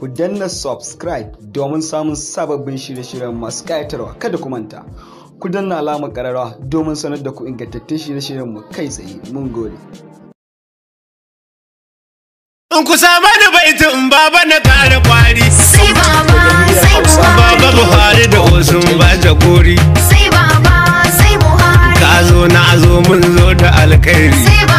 ku danna subscribe domin samun sababbin shirye-shiryen masu ƙayatarwa kada ku manta ku danna alamar ƙararwa domin sanar da ku ingantattun shirye-shiryen mu kai tsaye mun gode in ku sama da baitin in baba na kare kwari sai baba sai baba buhari da wasu ba jagori sai baba sai buhari ka zo na zo mun zo da alkhairi sai baba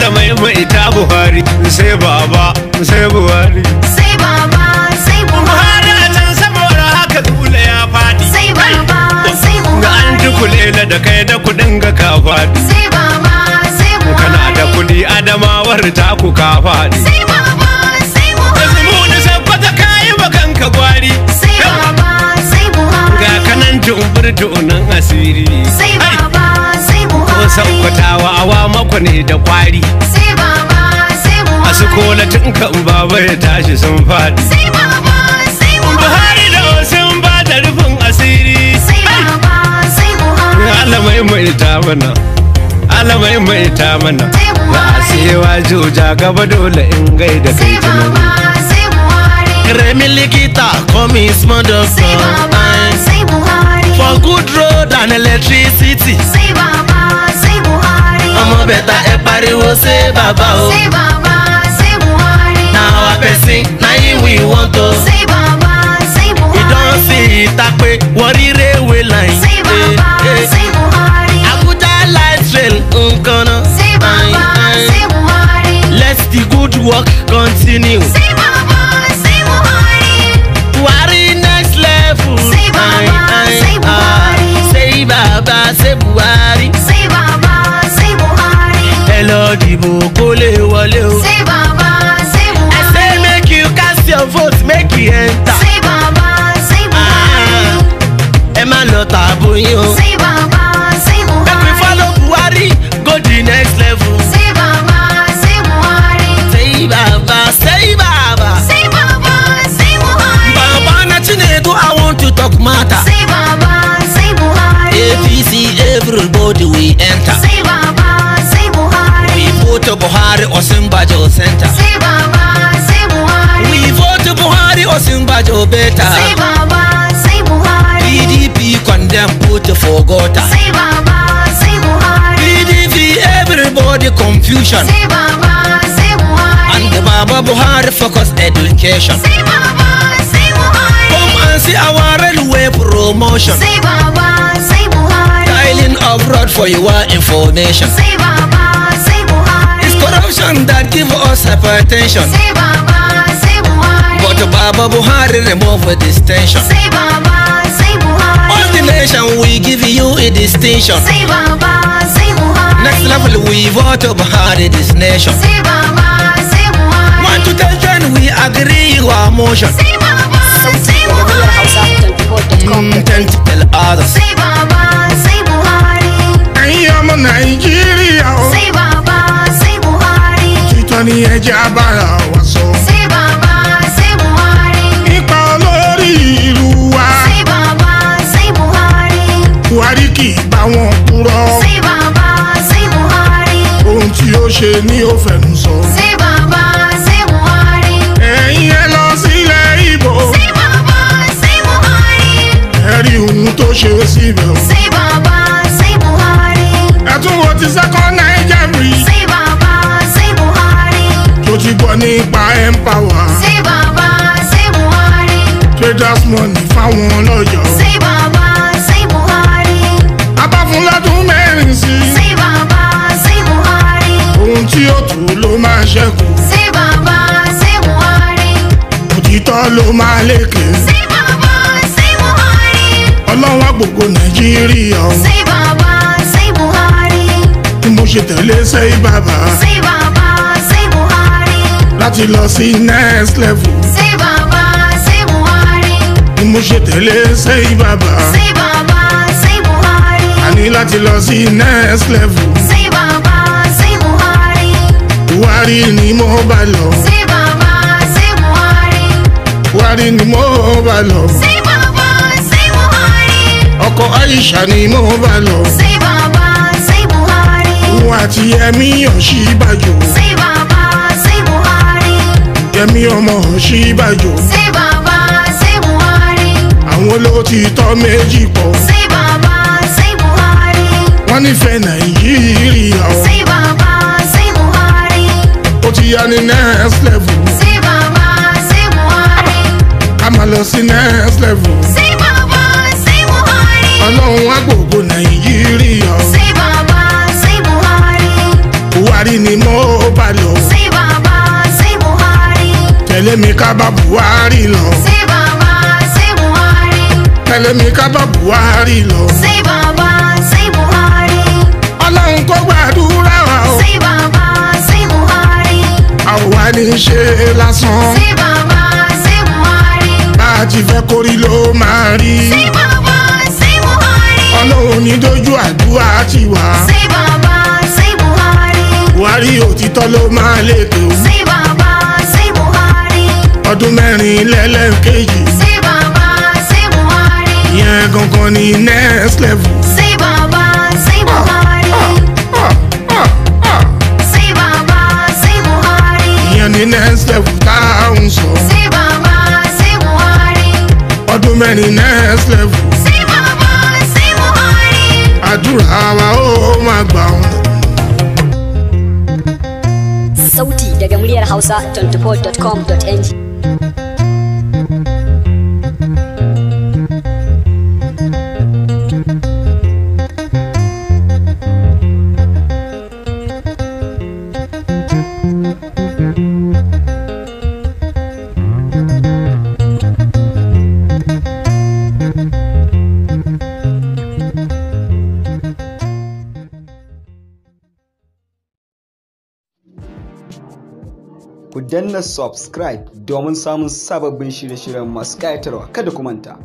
da mai ta buhari sai baba sai buhari sai baba sai buhari a can saboda haka dole ya fadi sai baba sai buhari ga an ji lela da kai da kudin ga ka fadi sai baba sai buhari kana da kudi adamawar ta ku ka fadi ku ne da kwari sai baba a kola tun kan baba ya tashi sun faɗi buhari da wasu ba da rufin asiri alamai mai ta mana alamai mai ta mana ba a sewa juja gaba dole in gaida kai tunani Remi Likita, come is mother son. For good road and electricity. Say Baba. pariwo say baba o say baba say buhari na our person na him we want o say baba say buhari we don see itape warri railway line say baba eh, say eh. buhari abuja light rail nkana say baba eh, say buhari let the good work continue say baba say buhari buhari next level say baba say buhari say baba say buhari say baba lọ dìbò kó lè wọlé o. ṣé bàbá ṣé bùbá. I say make you cast your vote make you enter. ṣé bàbá ṣé bùbá. ẹ má lọ tààbò yín o. ṣé bàbá ṣé bùbá. make we follow Buhari go the next level. ṣé bàbá ṣé Buhari. ṣé bàbá ṣé bàbá. ṣé bàbá ṣé Buhari. bàbá na Chinedu I want to talk matter. ṣé bàbá ṣé Buhari. APC everybody we enter. ṣé bàbá. vote Buhari Osinbajo center. Sai baba sai Buhari. We vote Buhari Osinbajo better. Sai baba sai Buhari. PDP condemn put for gutter. Sai baba sai Buhari. PDP everybody confusion. Sai baba sai Buhari. And baba Buhari focus education. Sai baba sai Buhari. Come and see our railway promotion. Sai baba sai Buhari. Dialing abroad for your information. Sai baba. Corruption that give us hypertension. Say Baba, say Buhari. But Baba Buhari remove this tension. Say Baba, say Buhari. All the nation we give you a distinction. Say Baba, say Buhari. Next level we vote Buhari this nation. Say Baba, say Buhari. One to ten, ten we agree our motion. Say Baba, say Buhari. ṣe ni ó fẹnu sọ. sí bàbá sí Buhari. ẹ̀yin ẹ lọ sílẹ̀ ìbò. sí bàbá sí Buhari. ẹ rí ohun tó ṣe síbẹ̀ o. sí bàbá sí Buhari. ẹ tún wo ti sẹ́kọ̀ Naija rí. sí bàbá sí Buhari. tó ti gbọ́ nípa empower. sí bàbá sí Buhari. traders money fáwọn ọlọ́yọ̀. sí bàbá sí Buhari. abáfúnlọ́dún mẹ́rin sí. sí bàbá ohun tí ó tù ló máa ṣẹ́kù. sí bàbá sí Buhari. òtítọ́ ló máa lékè. sí bàbá sí Buhari. ọlọ́wọ́ gbogbo Nàìjíríà. sí bàbá sí Buhari. ni mo ṣe tẹ̀lé sí bàbá. sí bàbá sí Buhari. láti lọ sí next level. sí bàbá sí Buhari. ni mo ṣe tẹ̀lé sí bàbá. sí bàbá sí Buhari. a ní láti lọ sí next level. Wari ni mo ba lọ. sí baba sí muhari? Wari ni mo ba lọ. sí baba sí muhari? ọkọ Aisha ni mo bá lọ. sí bàbá sí Buhari. òun àti Yẹmí Ọ̀ṣínbàjò. sí bàbá sí Buhari. Yẹmí ọmọ Ọ̀ṣínbàjò. sí bàbá sí Buhari. àwọn olóòtítọ́ méjì pọ̀. sí bàbá sí Buhari. wọ́n nífẹ̀ẹ́ Nàìjíríà o. sí be on the next level. See Baba, see Buhari. I'm a lost in next level. See Baba, see Buhari. Ọlọ́run wá gbogbo Nàìjíríà. See Baba, see Buhari. Buhari ni mo bá See Baba, see Buhari. Tẹ̀lé mi Buhari See Baba, see Buhari. Tẹ̀lé mi Buhari See ní ṣe lásán. sí bàbá sí Buhari. bá a ti fẹ́ kórí ló máa rí. sí bàbá sí Buhari. ọlọ́run ní dojú àdúrà ti wá. sí bàbá sí Buhari. Buhari òtítọ́ ló máa lè tó. sí bàbá sí Buhari. ọdún mẹ́rin lẹ́lẹ́kejì. sí bàbá sí Buhari. ìyẹn gangan ni next level. the next level táwọn sọ. sí àdúrà wa ó máa gbà wọn. sauti house muryar hausa ku danna subscribe domin samun sababbin shirye-shiryen masu ƙayatarwa kada ku manta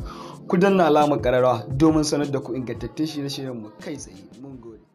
ku danna alamar ƙararwa domin sanar da ku ingantattun shirye-shiryen mu kai tsaye mun gode